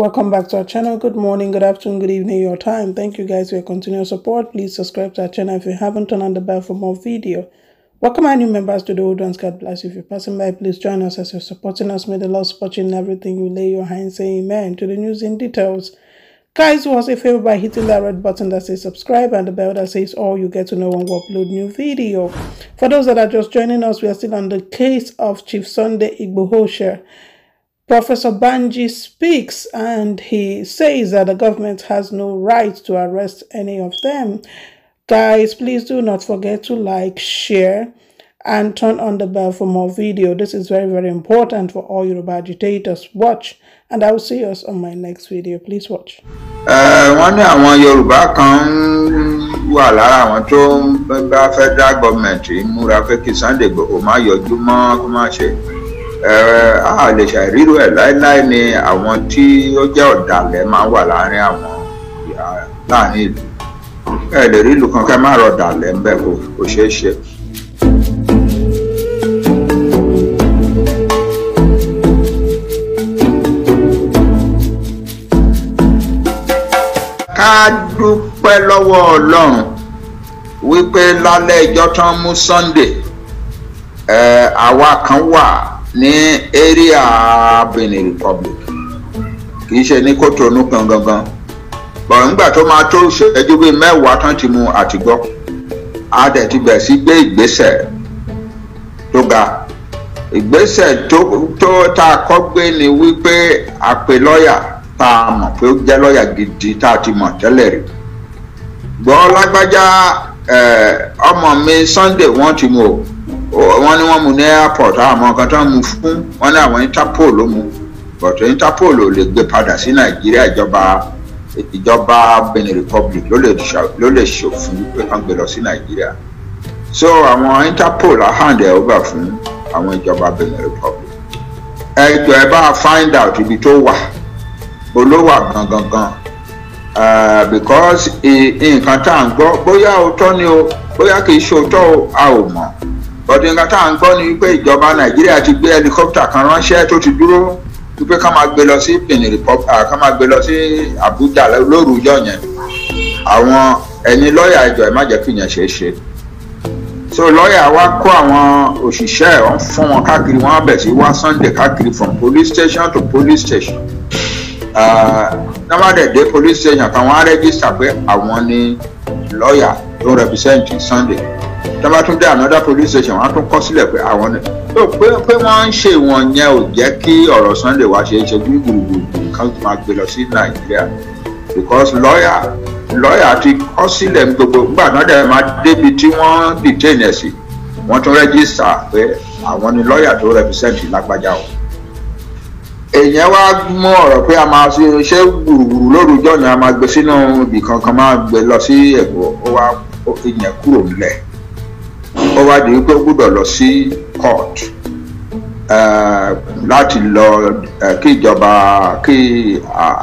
welcome back to our channel good morning good afternoon good evening your time thank you guys for your continued support please subscribe to our channel if you haven't turned on the bell for more video welcome our new members to the old ones god bless you if you're passing by please join us as you're supporting us may the lord support you in everything you lay your hands say amen to the news in details guys do us a favor by hitting that red button that says subscribe and the bell that says all you get to know when we upload new video for those that are just joining us we are still on the case of chief sunday igbohosha Professor Banji speaks and he says that the government has no right to arrest any of them. Guys, please do not forget to like, share, and turn on the bell for more video. This is very, very important for all Yoruba agitators. Watch, and I will see us on my next video. Please watch. Eh, wọ́n ní àwọn Yorùbá kan wà lára government má má a lè ṣàìrírò ẹ̀ láéláé ni àwọn tí ó jẹ́ ọ̀dàlẹ̀ máa ń wà láàrin àwọn láàrin ìlú ẹ lè rí ìlú kan ká má rọ̀ ọ̀dàlẹ̀ ń bẹ̀ kò ṣeé ṣe. ká dúpẹ́ lọ́wọ́ ọlọ́run wípé lálẹ́ ìjọ tán mú Sunday àwa kan wà ní area Benin Republic kì í ṣe ní Kotonu kan gangan bọ̀ nígbà tó máa tó ṣẹ́jú bíi mẹ́wàá tán ti mu àtìgbọ́ a dẹ̀ ti bẹ̀ sí gbé ìgbésẹ̀ tó ga ìgbésẹ̀ tó tó tá a ni wípé a pe lọ́ọ̀yà tá a mọ̀ pé ó jẹ́ lọ́ọ̀yà gidi tá a ti mọ̀ tẹ́lẹ̀ rí gbọ́ lágbájá ọmọ mi Sunday wọ́n ti o wọ́n ní wọ́n mú ní airport àwọn nǹkan tó ń mú fún wọ́n ní àwọn interpol ló mú but interpol ò lè gbé padà sí nàìjíríà ìjọba ìjọba benin republic ló lè ṣòfin pé kán gbé lọ sí nàìjíríà so àwọn interpol á hand ẹ̀ over fún àwọn ìjọba benin republic ẹ jọ ẹ bá find out ibi tó wà olówà gangan gan uh, because eh, nǹkan tá à ń gbọ́ bóyá òótọ́ ni o bóyá kì í ṣe òótọ́ o a ò mọ̀ ọdún nǹkan tá à ń gbọ́ ni wípé ìjọba nàìjíríà ti gbé helicopter kan ránṣẹ́ tó ti dúró wípé ká máa gbé lọ sí benin republic ká máa gbé lọ sí abuja lóru ọjọ́ yẹn àwọn ẹni lọ́ọ̀yà ìjọ ẹ̀ má jẹ́ kí yẹn ṣe ṣe so lọ́ọ̀yà wa kó àwọn òṣìṣẹ́ ẹ̀ ń fún wọn káàkiri wọn bẹ̀ sí wá sunday káàkiri from police station to police station náwádẹ̀ dé police station kan wọ́n á rẹ́gísítà pé àwọn ni lọ́ọ̀yà tó represent sunday tó bá tún dé another police station wọ́n á tún kọ sílẹ̀ pé àwọn ni tó pé pé wọ́n ń ṣe wọn yẹn ò jẹ́ kí ọ̀rọ̀ Sunday wá ṣe é ṣe bí gbùrùgbùrù kan máa gbé lọ sí Nàìjíríà because lawyer lawyer ti kọ sílẹ̀ gbogbo gbà náà dẹ̀ máa débi tí wọ́n detain ẹ̀ sí wọ́n tún rẹ́gísítà pé àwọn ni lawyer tó represent lágbájá o èèyàn wá mú ọ̀rọ̀ pé a máa ṣe iṣẹ́ gbùrùgbùrù lórúkọ yẹn a máa gbé sínú ibì kankan máa gbé lọ sí Èkó ó wá èèyàn kúrò nílẹ̀ ó wá di wípé ó gbúdọ̀ lọ sí court eh, láti lọ eh, kí ìjọba kí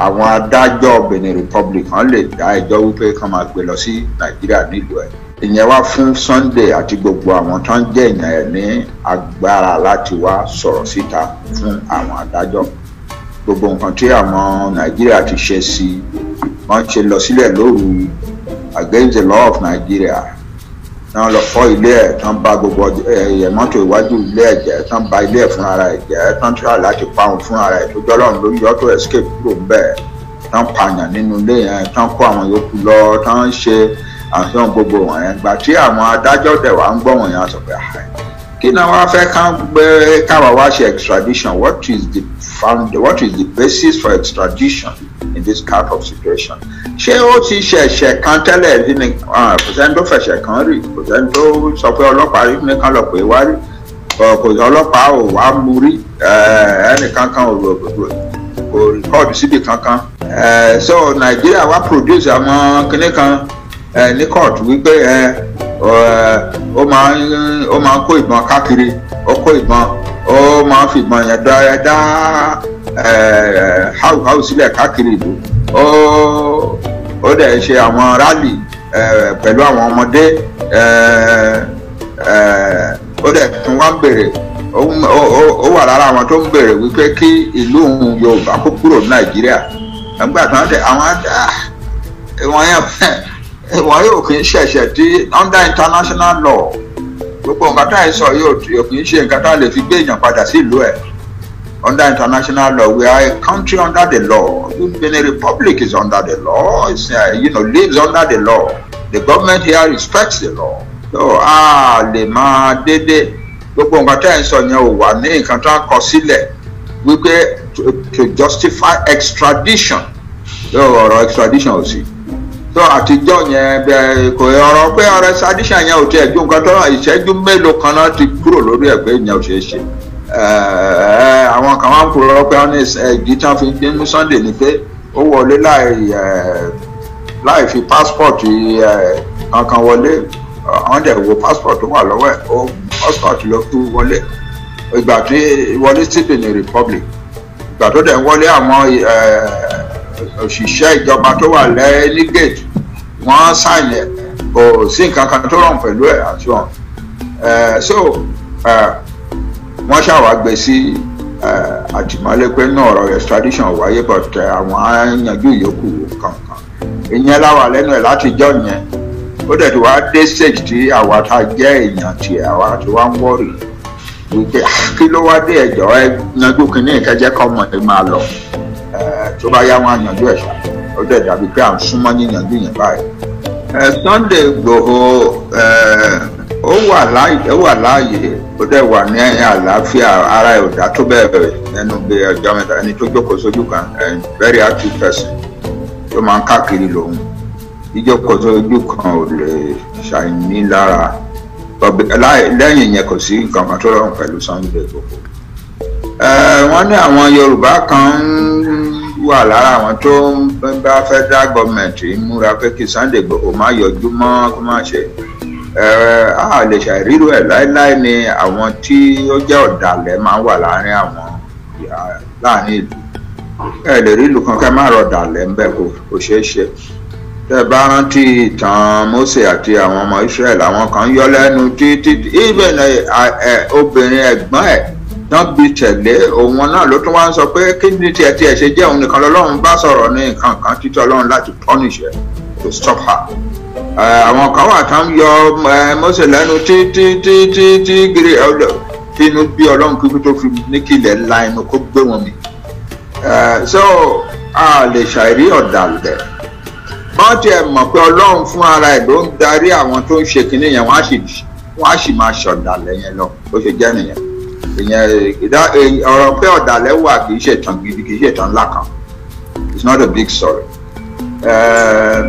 àwọn adájọ́ Benin Republic kan lè dá ẹjọ́ wípé kán máa gbé lọ sí Nàìjíríà nílùú ẹ̀ ìyẹn wá fún Sunday àti gbogbo àwọn tó ń jẹ́ èèyàn ẹ̀ ní agbára láti wá sọ̀rọ̀ síta fún àwọn adájọ́ gbogbo nǹkan tí àwọn Nàìjíríà ti ṣe sí wọ́n ṣe lọ sílẹ̀ lóru against the law of Nigeria tán lọ fọ́ ilé ẹ̀ tán bà gbogbo ẹ̀yẹ mọ́tò ìwájú ilé ẹ̀ jẹ́ tán bà ilé ẹ̀ fún ara ẹ̀ jẹ́ tán tíra láti pa òun fún ara ẹ̀ tó jọlọ́run lórí ọ̀tọ̀ escape kúrò ń bẹ̀ tán pààyàn nínú ilé yẹn tán kó àwọn yòókù lọ tán ṣe àfihàn gbogbo wọ̀nyẹn gbà tí àwọn adájọ́ dẹ̀ wá ń gbọ́ wọ̀nyẹn àtọ̀pẹ́ àhàyàn kí ni àwọn afẹ́ káwa wá ṣe extradition what is the found what is the basis for extradition in this kind of situation ṣé ó ti ṣẹ̀ṣẹ̀ kan tẹ́lẹ̀ ẹ̀dí ni kò sẹ́ni tó fẹ̀ṣẹ̀ kan rí kò sẹ́ni tó sọ pé ọlọ́pàá rí nìkan lọ pé wá rí kò sọ ọlọ́pàá ò wá mú rí ẹnìkan kan ò kò rìkọ́ọ̀dù síbi kankan so Nàìjíríà wá produce àwọn kinní kan ní court wípé ó máa ń kó ìbọn káàkiri ó kó ìbọn ó máa ń fi ìbọn yẹn dá dá háù sílẹ̀ káàkiri ìlú ó dẹ̀ ṣe àwọn rálì pẹ̀lú àwọn ọmọdé ó dẹ̀ tún wá ń bèrè ó wà lára àwọn tó ń bèrè wípé kí ìlú òun Yorùbá kó kúrò ní Nàìjíríà nígbà tí wọ́n dẹ̀ àwọn ah, ìwọ̀n yóò kì í ṣẹ̀ṣẹ̀ tí under international law gbogbo nǹkan tá à sọ yóò kì í ṣe nǹkan tá a lè fi gbé èèyàn padà sí ẹ̀ under international law we are a country under the law even republic is under the law it uh, you know, lives under the law the government here respects the law so a lè máa dédé gbogbo nǹkan tá à ń sọ yẹn ò wà ní nǹkan tá a kọ sílẹ̀ wípé to justify extradition ọ̀rọ̀ extradition ò sí tó àtijọ́ yẹn bẹ́ẹ̀ kò ọ̀rọ̀ pé ọ̀rẹ́ sadisha yẹn ò tiẹ̀ ju nǹkan tó ìṣẹ́jú mélòó kan náà ti kúrò lórí ẹ̀ pé yẹn ò ṣeé ṣe àwọn kan wá ń kúrò pé ìdí tí wọ́n fi gbé mú Sunday ni pé ó wọlé láì fi passport kankan wọlé wọ́n dẹ̀ wo passport tó wà lọ́wọ́ ẹ̀ ó passport ló kú wọlé ìgbà tó wọlé sí Benin Republic ìgbà tó dẹ̀ wọlé àwọn òṣìṣẹ́ ìjọba tó wà lẹ́ẹ́ nígẹ̀tì wọ́n ṣàyẹ̀ kò sí nǹkan kan tó rọrùn pẹ̀lú ẹ̀ àti wọn so wọ́n ṣàwágbé sí àtìmọ́lé pé náà ọ̀rọ̀ extradition wáyé but àwọn á yanjú ìyókù kankan ìyẹn láwà lẹ́nu ẹ̀ látijọ́ yẹn ó dẹ̀ ti wá dé stage tí àwa ta jẹ́ èèyàn tí àwa ti wá ń wọ́rì wípé ah, kí ló wá dé ẹ̀jọ̀ ẹ yanjú kínní ìkẹjẹ́ kọ́mọ̀ ẹ máa lọ. Eh, tó bá yá wọn á ẹ̀ṣọ́ ó dẹ̀ dàbí pé à ń súnmọ́ yíyanjú yẹn báyìí. Eh, Sunday eh, ó wà láàyè ó wà láàyè ó dẹ̀ wà ní àlàáfíà ara ẹ̀ ò dá bẹ̀rẹ̀ nínú bí ọjọ́ mẹ́ta ẹni tó jókòó sójú kan very active person tó máa ń káàkiri lòun ìjókòó sójú kan ò lè ṣàìní lára lẹ́yìn yẹn kò sí nǹkan kan tó rọrùn pẹ̀lú Sunday wọ́n ní àwọn Yorùbá kan wà lára àwọn tó ń bá federal government múra pé kí Sunday Igboho má yọjú mọ́ kó má ṣe a lè ṣàìrírò ẹ̀ láéláé ni àwọn tí ó jẹ́ ọ̀dàlẹ̀ máa ń wà láàrin àwọn láàrin ìlú ẹ lè rí ìlú kan ká má rọ ọ̀dàlẹ̀ ńbẹ̀ kò ṣeé ṣe tẹ bá rántí ìtàn Mósè àti àwọn ọmọ Israẹl àwọn kan yọ lẹ́nu títí even obìnrin ẹ̀gbọ́n ẹ̀ dábì tẹ̀lé òun náà ló tún wá ń sọ pé kí ni tiẹ̀ tiẹ̀ ṣe jẹ́ òun nìkan lọ́lọ́run bá sọ̀rọ̀ ní nǹkan kan títí ọlọ́run láti punish her to stop her. àwọn kan wà tán yọ Mósè lẹ́nu tí tí tí tí tí gírí inú bí ọlọ́run kíkú tó fi ní kí ilẹ̀ la inú kó gbé wọn mi. so a lè ṣàìrí ọ̀dàlẹ̀ wọ́n tiẹ̀ mọ̀ pé ọlọ́run fún ara ẹ̀ ló ń darí àwọn tó ń ṣe kinní yẹn wọ́n á sì máa ṣọ̀dàlẹ̀ yẹn lọ bó ṣe jẹ́ nìyẹn ìyẹn eh, ọ̀rọ̀ pé ọ̀dàlẹ̀ wà kì í ṣètàn gidi kì í ṣètàn ńlá kan it's not a big story um,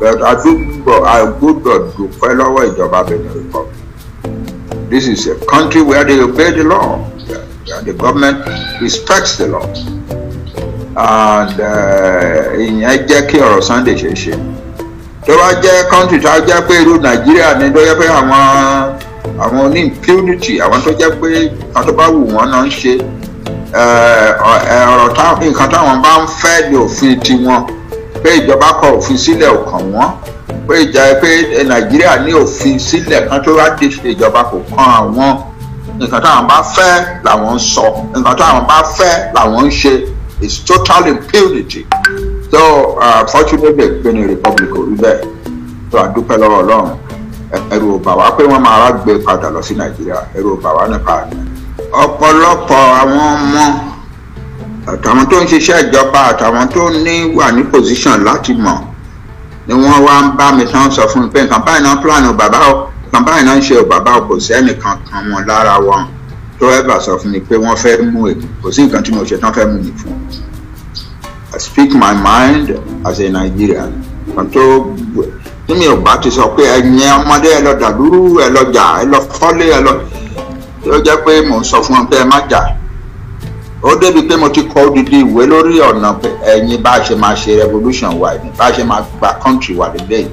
but I gbọ́dọ̀ dúpẹ́ lọ́wọ́ ìjọba Benin Republic this is a country where they obey the law and the government respects the law and uh, ìyẹn jẹ́ kí ọ̀rọ̀ Sunday ṣe ṣe tó bá jẹ́ country tó bá jẹ́ pé irú Nàìjíríà ni tó yẹ pé àwọn àwọn onímpurity àwọn tó jẹ́ pé àwọn tó bá wù wọ́n náà ń ṣe eh, eh, ọ̀rọ̀ nǹkan táwọn bá ń fẹ́ lè òfin tiwọn pé ìjọba kọ òfin sílẹ̀ ò kàn wọ́n pé ìjà pé nàìjíríà ní òfin sílẹ̀ kan tó bá ti ṣe ìjọba kò kan àwọn nǹkan táwọn bá fẹ́ làwọn ń sọ nǹkan táwọn bá fẹ́ làwọn ń ṣe is total impunity so uh, fortunately Benin Republic ò rí bẹ́ẹ̀ tó a dúpẹ́ lọ́wọ́ ọlọ́run ẹ̀rù ò bà pé wọ́n máa wá gbé padà lọ sí nàìjíríà ẹ̀rù ò bà wá nípa ọ̀pọ̀lọpọ̀ àwọn ọmọ àtàwọn tó ń ṣiṣẹ́ ìjọba àtàwọn tó ní wà ní pòsíṣàn láti mọ̀ ni wọ́n wá ń bá mi tán sọ fún mi pé nǹkan báyìí náà plan o bàbá o nǹkan báyìí náà ń ṣe o bàbá o kò sẹ́nìkan kan wọn lára wọn tó ẹ̀bà sọ fún mi pé wọ́n fẹ́ mú èmi kò sí nǹkan tí mo ṣe tán fẹ́ mú mi fún I speak my mind as a Nigerian kan tó tí mi ti sọ pé ẹ̀yin ọmọdé ẹ lọ dàlúrú ẹ lọ jà ẹ lọ fọ́lé ẹ lọ tí ó jẹ́ pé mò ń sọ fún ọ pé ẹ má jà ó débi pé mo ti kọ odidi ìwé lórí ọ̀nà ẹ̀yin bá a ṣe máa ṣe revolution wa ẹ̀yin bá a ṣe máa gba country wa lélẹ̀ yìí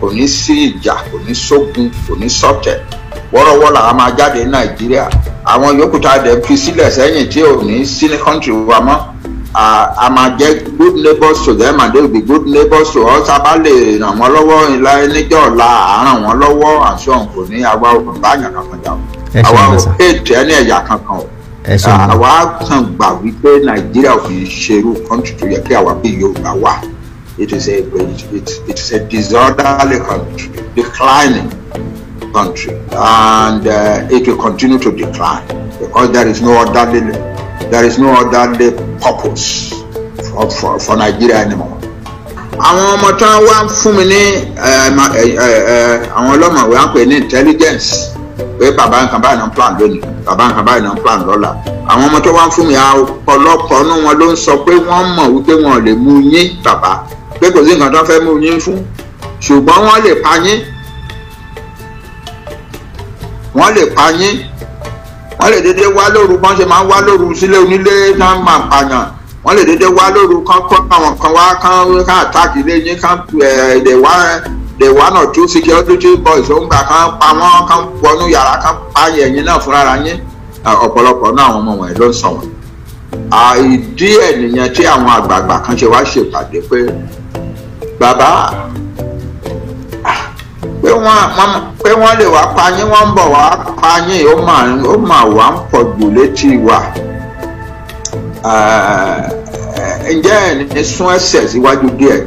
kò ní sí ìjà kò ní sógun kò ní sọ̀tẹ̀ wọ́rọ́wọ́ làwa máa jáde ní nàìjíríà àwọn yòókù tá a dẹ̀ fi sílẹ̀ sẹ́yìn tí ò ní sí ní country wa mọ́ uh, a máa jẹ́ good neighbors to them and they will be good neighbors to us a bá lè ràn wọ́n lọ́wọ́ níjọ́ ọ̀la à ràn wọ́n lọ́wọ́ àṣọ òǹkò ní àwa òǹbáyàn kankan jà o àwa ò kéètì ẹni ẹ̀yà kankan o àwa kan gbà wípé nàìjíríà kì í ṣe irú kọ́ńtì tó yẹ kí àwa bí yorùbá wà it is a it, it is a disorderly country declining country and uh, it will continue to decline because there is no orderly there is no other purpose for, for, for Nigeria anymore. àwọn ọmọ tí wọn wá fún mi ní eh, eh, eh, àwọn ọlọ́mọ wọn pè ní intelligence pé bàbá nǹkan báyìí náà ń plan lónìí bàbá nǹkan báyìí náà ń plan lọ́la àwọn ọmọ tó wá ń fún mi ọ̀pọ̀lọpọ̀ nínú wọn ló ń sọ pé wọ́n mọ̀ wípé wọn ò lè mú yín bàbá pé kò sí nǹkan tó fẹ́ mú yín fún ṣùgbọ́n wọ́n lè pa yín wọ́n lè pa yín wọ́n lè dédé wá lóru bọ́n ṣe máa ń wá lóru sílé onílé náà máa ń pààyàn wọ́n lè dédé wá lóru kán kọ́ àwọn kan wá kán kán àtàkì ilé yín kán ẹ̀ẹ́dẹ̀ wá the one or two security boys ó ń gbà kán pa wọ́n kán wọnú yàrá kán pa ẹ̀yìn náà fúnra yín ọ̀pọ̀lọpọ̀ náà àwọn ọmọ wọ̀nyí ló ń sọ wọn. ìdí ẹ̀ nìyẹn tí àwọn àgbààgbà kan ṣe wá ṣèpàdé pé bàbá pé wọ́n lè wá pa yín wọ́n ń bọ̀ wá pa yín ó mà wá ń pọ̀ jù létí wa ǹjẹ́ ẹni sún ẹsẹ̀ síwájú díẹ̀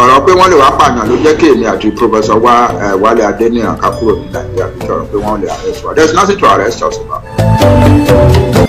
ọ̀rọ̀ pé wọ́n lè wá pààyàn ló jẹ́ kí èmi àti pọfẹsọ wá Wálé Adéníran ká kúrò ní Nàìjíríà bí sọ̀rọ̀ pé wọ́n lè arrest wa there is nothing to arrest us about.